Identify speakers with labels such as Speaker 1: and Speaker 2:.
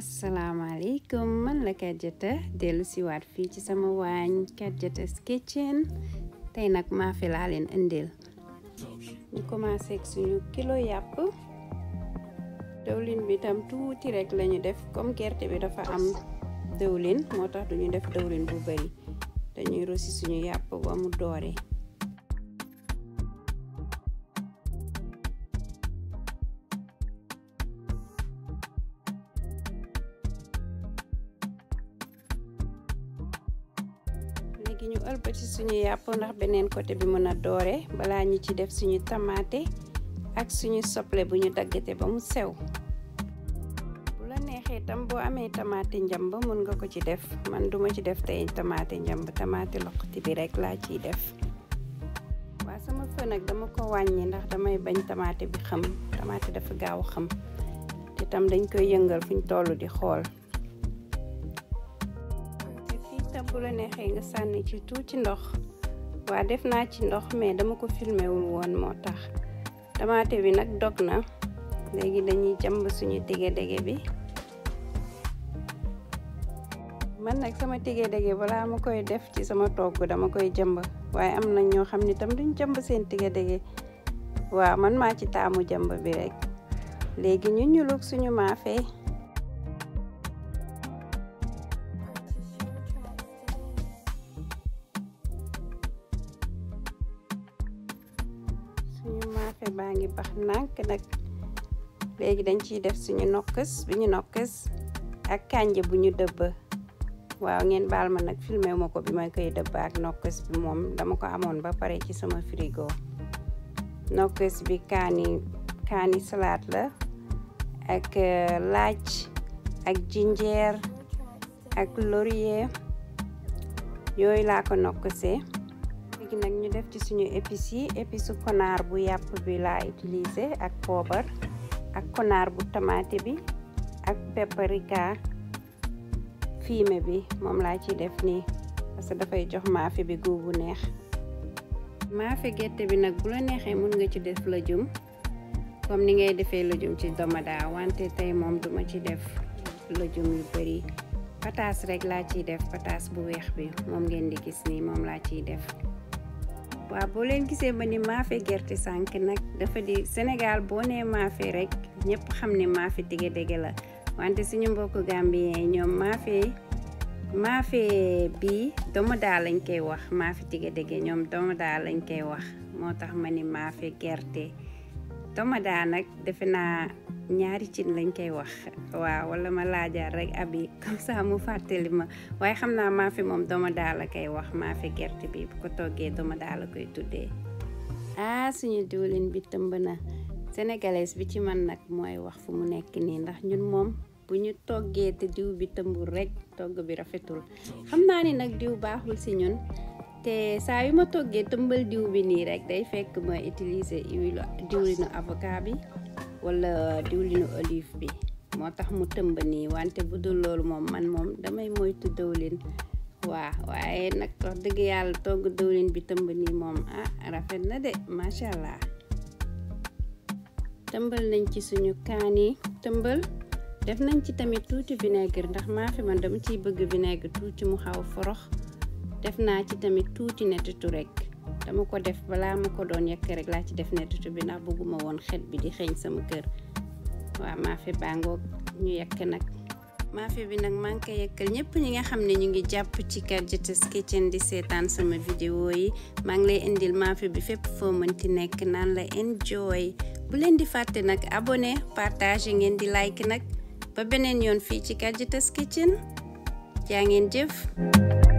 Speaker 1: asalaamaaleykum man la Kat Diatta dellu siwaat fii ci sama waañ Kat Diatta's tey nag maa fi laa leen indil ñu commencé ak suñu kilo yàpp dëwlin bi tam tuuti rek lañu def comme gerte bi dafa am dëwlin moo tax duñu def dëwlin bu bari dañuy rosi suñu yàpp ba mu doore léegi ñu ëlbati suñu yàpp ndax beneen côté bi mën a doore balaa ñu ci def suñu tamaate ak suñu soble bu ñu daggate ba mu sew bu la neexee tam boo amee tamaate njamb mën nga ko ci def man duma ci def tey tamaate njamb tamaate loqati bi rekk laa ciy def waa sama feu nag dama ko wàññi ndax damay bañ tamaate bi xam tamaate dafa gaaw xam te tam dañ koy yëngal fuñ toll di xool te bu la nga sànni ci ci ndox waa def naa ci ndox mais dama ko filmé wul woon moo tax tamaate bi nag dog na léegi dañuy jàmb suñu dege-dege bi man nag sama dege-dege balaa ma koy def ci sama togg dama koy jàmb waaye am na ñoo xam ne tam duñ jàmb seen dege-dege waaw man maa ci taamu jàmb bi rek léegi ñu ñulug suñu maafe café baa ngi bax nànk nag léegi dañ ciy def suñu nokkës bi ñu nokkës ak kànja bu ñu dëbb waaw ngeen baal ma nag filmé ma ko bi ma koy dëbb ak nokkës bi moom dama ko amoon ba pare ci sama frigo nokkës bi kaani kaani salaat la ak euh, laaj ak jinjeer ak laurier yooyu laa ko nokkësee léegi nag ñu def ci suñu épices yi épice konaar bu yàpp bi laa utiliser ak poobar ak konaar bu tamaate bi ak paprika fiime bi moom laa ciy def nii parce que dafay jox maafe bi googu neex maafe gerte bi nag bu la neexee mën nga ci def lëjum comme ni ngay defee lëjum ci domada wante tey moom duma ci def lëjum yu bari pataas rek laa ciy def pataas bu weex bi moom ngeen di gis nii moom laa ciy def waaw boo leen gisee ma ni maafe gerte sànq nag dafa di Sénégal boo nee maafe rek ñëpp xam ne maafe dege dege la wante suñu mbokk gambien ñoom maafe maafe bii doomu daal lañ koy wax maafe dege dege ñoom doomu daal lañ koy wax moo tax ma ni maafe gerte. daa nag defe naa ñaari cin lañ koy wax waaw wala ma rekk rek abi comme ça mu fàttali ma waaye xam naa maa fi moom domodaa la koy wax maa fi gerte bi bu ko toggee domodaa la koy tuddee ah suñu diwlin bi tëmb na sénégalais bi ci man nag mooy wax fu mu nekk nii ndax ñun moom bu ñu toggee te diw bi tëmbul rekk togg bi rafetul xam naa ni nag diw baaxul si ñun te saa yu ma toggee tëmbal diw bi nii rek day fekk ma utiliser huile diwlinu avocat bi walla diwlinu olive bi moo tax mu tëmbal nii wante bu dul loolu moom man moom damay moytu dëwlin waa waaye nag wax dëgg yàlla togg dëwlin bi tëmb nii moom ah rafet na de macha allah tëmbal nañ ci suñu kaani tëmbal def nañ ci tamit tuuti vinaigre ndax maa fi man dama ciy bëgg vinaigre tuuti mu xaw forox def naa ci tamit tuuti nettitu rek dama ko def balaa ma ko doon yekk rek laa ci def nettitu bi ndax bëgguma woon xet bi di xeeñ sama kër waaw maafe bàngoog ñu yekk nag maafe bi nag maa ngi ñëpp ñi nga xam ne ñu ngi jàpp ci Khardiata's Kitchen di seetaan sama vidéo yi maa ngi lay indil maafe bi fépp foo mënti nekk naan la enjoy bu leen di fàtte nag abonné partage ngeen di like nag ba beneen yoon fii ci Khardiata's Kitchen jaa ngeen jëf